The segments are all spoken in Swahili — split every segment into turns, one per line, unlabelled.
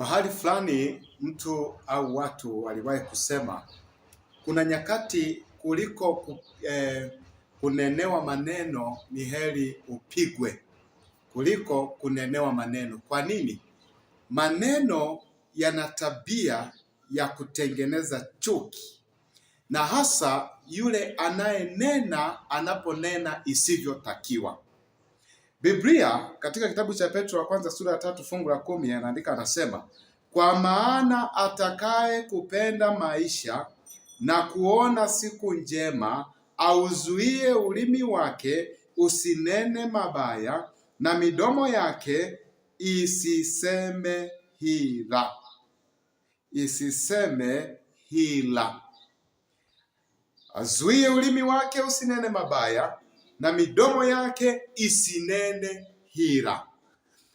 Mahali fulani mtu au watu waliwahi kusema kuna nyakati kuliko eh, kunenewa maneno ni heri upigwe kuliko kunenewa maneno. Kwa nini? Maneno yana tabia ya kutengeneza chuki, na hasa yule anayenena anaponena isivyotakiwa. Biblia katika kitabu cha Petro wa kwanza sura ya tatu fungu la kumi anaandika anasema, kwa maana atakaye kupenda maisha na kuona siku njema, auzuie ulimi wake usinene mabaya, na midomo yake isiseme hila, isiseme hila. Azuie ulimi wake usinene mabaya na midomo yake isinene hila.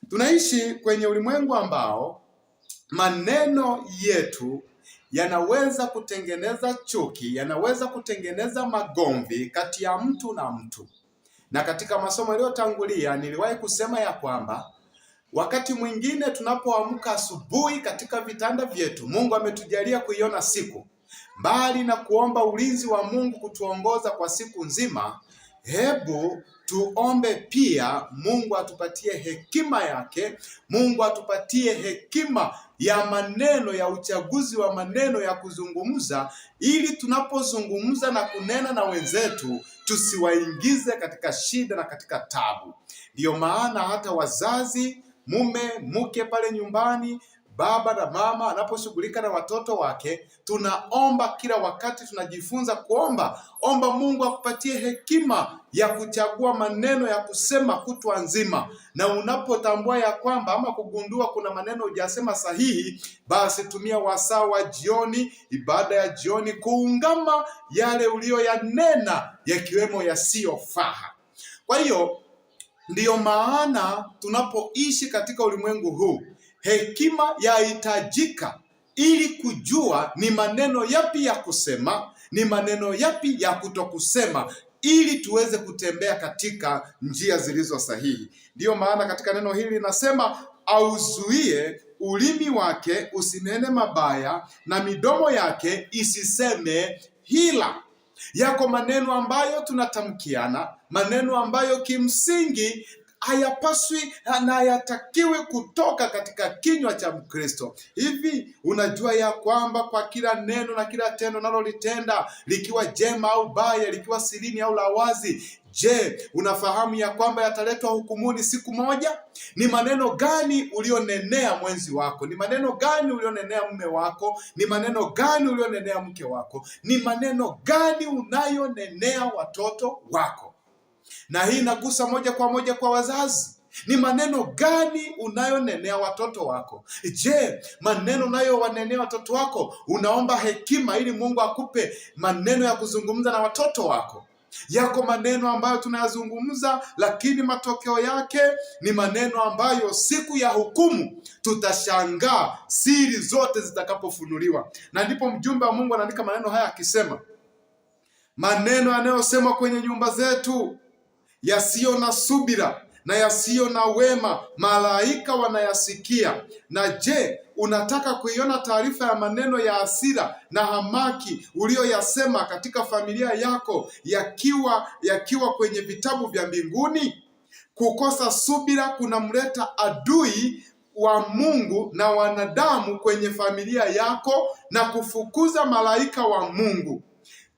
Tunaishi kwenye ulimwengu ambao maneno yetu yanaweza kutengeneza chuki, yanaweza kutengeneza magomvi kati ya mtu na mtu. Na katika masomo yaliyotangulia niliwahi kusema ya kwamba wakati mwingine tunapoamka asubuhi katika vitanda vyetu, Mungu ametujalia kuiona siku, mbali na kuomba ulinzi wa Mungu kutuongoza kwa siku nzima hebu tuombe pia Mungu atupatie hekima yake, Mungu atupatie hekima ya maneno ya uchaguzi wa maneno ya kuzungumza, ili tunapozungumza na kunena na wenzetu tusiwaingize katika shida na katika tabu. Ndiyo maana hata wazazi, mume mke pale nyumbani baba na mama anaposhughulika na watoto wake, tunaomba kila wakati, tunajifunza kuomba. Omba Mungu akupatie hekima ya kuchagua maneno ya kusema kutwa nzima, na unapotambua ya kwamba ama kugundua kuna maneno hujasema sahihi, basi tumia wasaa wa jioni, ibada ya jioni, kuungama yale uliyoyanena, yakiwemo yasiyofaa. Kwa hiyo ndiyo maana tunapoishi katika ulimwengu huu hekima yahitajika ili kujua ni maneno yapi ya kusema, ni maneno yapi ya kutokusema, ili tuweze kutembea katika njia zilizo sahihi. Ndiyo maana katika neno hili linasema auzuie ulimi wake usinene mabaya, na midomo yake isiseme hila. Yako maneno ambayo tunatamkiana, maneno ambayo kimsingi hayapaswi na hayatakiwi kutoka katika kinywa cha Mkristo. Hivi unajua ya kwamba kwa kila neno na kila tendo nalolitenda, likiwa jema au baya, likiwa sirini au la wazi Je, unafahamu ya kwamba yataletwa hukumuni siku moja? Ni maneno gani ulionenea mwenzi wako? Ni maneno gani ulionenea mume wako? Ni maneno gani ulionenea mke wako? Ni maneno gani unayonenea watoto wako? na hii inagusa moja kwa moja kwa wazazi. Ni maneno gani unayonenea watoto wako? Je, maneno unayowanenea watoto wako, unaomba hekima ili Mungu akupe maneno ya kuzungumza na watoto wako? Yako maneno ambayo tunayazungumza, lakini matokeo yake ni maneno ambayo siku ya hukumu tutashangaa siri zote zitakapofunuliwa. Na ndipo mjumbe wa Mungu anaandika maneno haya akisema, maneno yanayosemwa kwenye nyumba zetu yasiyo na subira na yasiyo na wema, malaika wanayasikia. Na je, unataka kuiona taarifa ya maneno ya hasira na hamaki uliyoyasema katika familia yako yakiwa yakiwa kwenye vitabu vya mbinguni? Kukosa subira kunamleta adui wa Mungu na wanadamu kwenye familia yako na kufukuza malaika wa Mungu.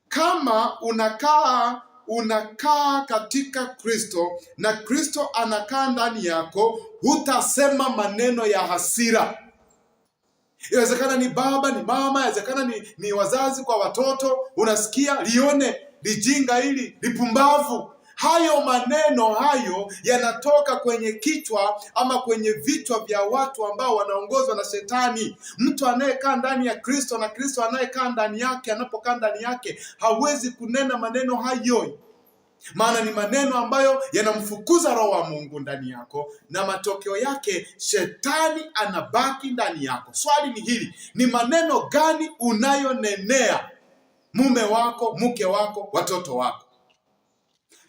Kama unakaa unakaa katika Kristo na Kristo anakaa ndani yako, hutasema maneno ya hasira. Inawezekana ni baba, ni mama, inawezekana ni, ni wazazi kwa watoto. Unasikia lione, lijinga hili, lipumbavu Hayo maneno hayo yanatoka kwenye kichwa ama kwenye vichwa vya watu ambao wanaongozwa na shetani. Mtu anayekaa ndani ya Kristo na Kristo anayekaa ndani yake, anapokaa ndani yake hawezi kunena maneno hayo, maana ni maneno ambayo yanamfukuza Roho wa Mungu ndani yako, na matokeo yake shetani anabaki ndani yako. Swali ni hili, ni maneno gani unayonenea mume wako, mke wako, watoto wako?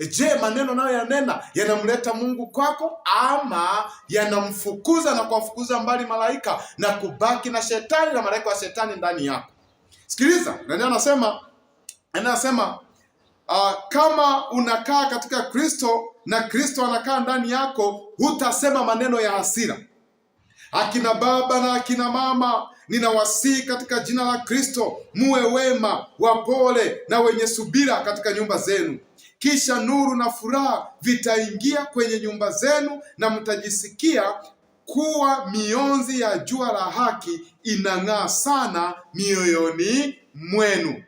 E, je, maneno nayo yanena yanamleta Mungu kwako ama yanamfukuza na kuwafukuza mbali malaika na kubaki na shetani na malaika wa shetani ndani yako? Sikiliza, nani anasema, anasema uh, kama unakaa katika Kristo na Kristo anakaa ndani yako, hutasema maneno ya hasira. Akina baba na akina mama ninawasihi katika jina la Kristo, muwe wema, wapole na wenye subira katika nyumba zenu kisha nuru na furaha vitaingia kwenye nyumba zenu na mtajisikia kuwa mionzi ya jua la haki inang'aa sana mioyoni mwenu.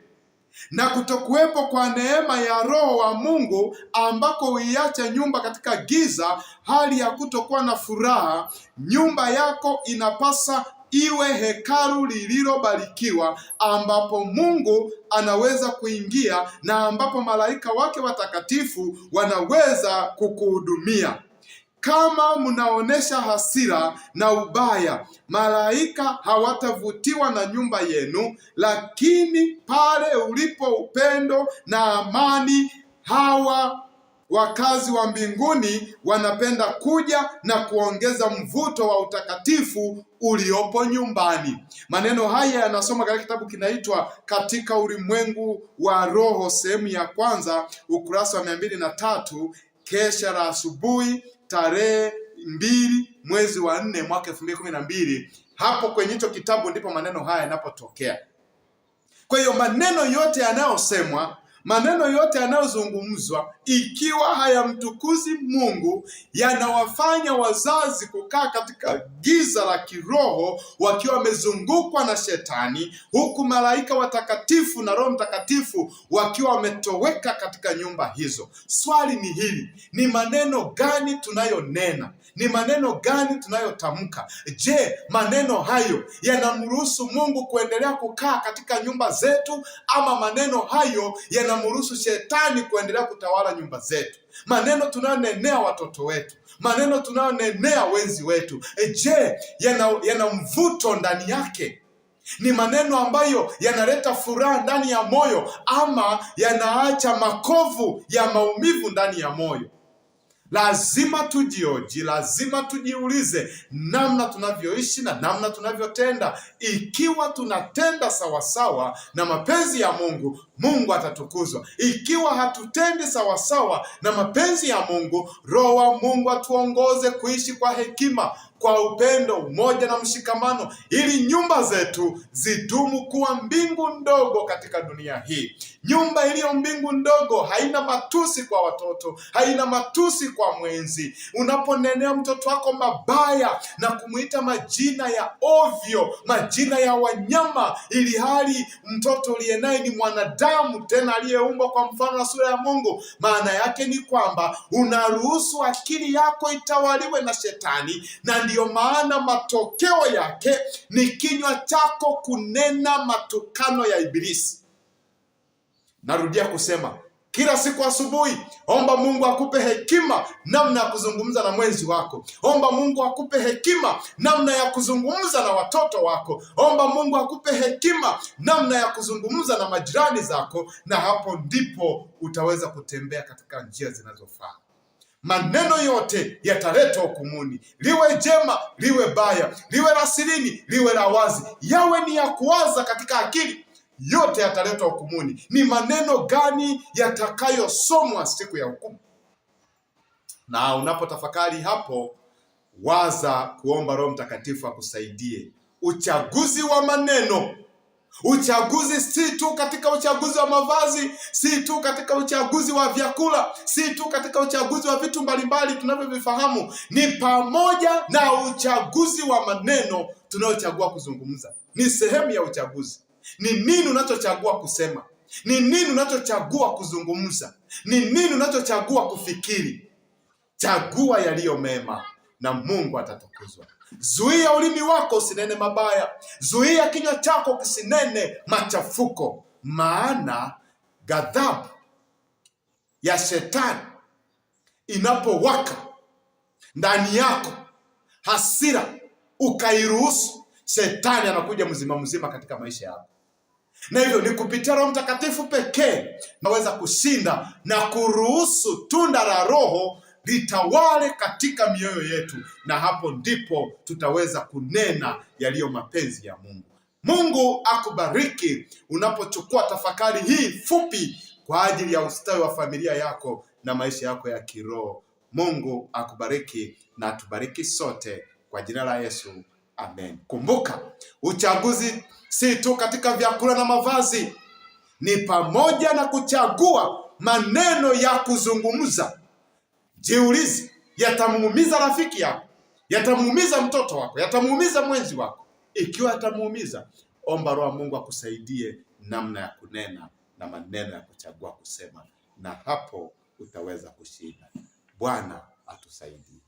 Na kutokuwepo kwa neema ya Roho wa Mungu ambako huiacha nyumba katika giza, hali ya kutokuwa na furaha, nyumba yako inapasa iwe hekalu lililobarikiwa ambapo Mungu anaweza kuingia na ambapo malaika wake watakatifu wanaweza kukuhudumia. Kama mnaonesha hasira na ubaya, malaika hawatavutiwa na nyumba yenu, lakini pale ulipo upendo na amani hawa wakazi wa mbinguni wanapenda kuja na kuongeza mvuto wa utakatifu uliopo nyumbani. Maneno haya yanasoma katika kitabu kinaitwa Katika Ulimwengu wa Roho, sehemu ya kwanza, ukurasa wa mia mbili na tatu kesha la asubuhi tarehe mbili mwezi wa nne mwaka elfu mbili kumi na mbili. Hapo kwenye hicho kitabu ndipo maneno haya yanapotokea. Kwa hiyo maneno yote yanayosemwa maneno yote yanayozungumzwa ikiwa hayamtukuzi Mungu yanawafanya wazazi kukaa katika giza la kiroho wakiwa wamezungukwa na shetani, huku malaika watakatifu na Roho Mtakatifu wakiwa wametoweka katika nyumba hizo. Swali ni hili, ni maneno gani tunayonena? Ni maneno gani tunayotamka? Je, maneno hayo yanamruhusu Mungu kuendelea kukaa katika nyumba zetu ama maneno hayo yana yanamruhusu shetani kuendelea kutawala nyumba zetu, maneno tunayonenea watoto wetu, maneno tunayonenea wenzi wetu. E, je, yana, yana mvuto ndani yake? Ni maneno ambayo yanaleta furaha ndani ya moyo ama yanaacha makovu ya maumivu ndani ya moyo? Lazima tujioji, lazima tujiulize namna tunavyoishi na namna tunavyotenda. Ikiwa tunatenda sawasawa na mapenzi ya Mungu, Mungu atatukuzwa. Ikiwa hatutendi sawasawa na mapenzi ya Mungu, Roho wa Mungu atuongoze kuishi kwa hekima kwa upendo, umoja na mshikamano, ili nyumba zetu zidumu kuwa mbingu ndogo katika dunia hii. Nyumba iliyo mbingu ndogo haina matusi kwa watoto, haina matusi kwa mwenzi. Unaponenea mtoto wako mabaya na kumwita majina ya ovyo, majina ya wanyama, ili hali mtoto uliye naye ni mwanadamu, tena aliyeumbwa kwa mfano na sura ya Mungu, maana yake ni kwamba unaruhusu akili yako itawaliwe na Shetani na ndiyo maana matokeo yake ni kinywa chako kunena matukano ya Ibilisi. Narudia kusema kila siku asubuhi, omba Mungu akupe hekima namna ya kuzungumza na mwenzi wako. Omba Mungu akupe hekima namna ya kuzungumza na watoto wako. Omba Mungu akupe hekima namna ya kuzungumza na majirani zako, na hapo ndipo utaweza kutembea katika njia zinazofaa maneno yote yataletwa hukumuni, liwe jema liwe baya, liwe la sirini liwe la wazi, yawe ni ya kuwaza katika akili, yote yataletwa hukumuni. Ni maneno gani yatakayosomwa siku ya hukumu? Na unapotafakari hapo, waza kuomba Roho Mtakatifu akusaidie uchaguzi wa maneno Uchaguzi si tu katika uchaguzi wa mavazi, si tu katika uchaguzi wa vyakula, si tu katika uchaguzi wa vitu mbalimbali tunavyovifahamu, ni pamoja na uchaguzi wa maneno tunayochagua kuzungumza. Ni sehemu ya uchaguzi. Ni nini unachochagua kusema? Ni nini unachochagua kuzungumza? Ni nini unachochagua kufikiri? Chagua yaliyo mema na Mungu atatukuzwa. Zuia ulimi wako usinene mabaya, zuia kinywa chako kisinene machafuko, maana ghadhabu ya shetani inapowaka ndani yako, hasira ukairuhusu, shetani anakuja mzima mzima katika maisha yako na hivyo ni kupitia Roho Mtakatifu pekee naweza kushinda na kuruhusu tunda la Roho litawale katika mioyo yetu, na hapo ndipo tutaweza kunena yaliyo mapenzi ya Mungu. Mungu akubariki unapochukua tafakari hii fupi kwa ajili ya ustawi wa familia yako na maisha yako ya kiroho. Mungu akubariki na atubariki sote kwa jina la Yesu, amen. Kumbuka, uchaguzi si tu katika vyakula na mavazi, ni pamoja na kuchagua maneno ya kuzungumza Jiulize, yatamuumiza rafiki yako, yatamuumiza mtoto wako, yatamuumiza mwenzi wako. Ikiwa yatamuumiza, omba Roho Mungu akusaidie namna ya kunena na maneno ya kuchagua kusema, na hapo utaweza kushinda. Bwana atusaidie.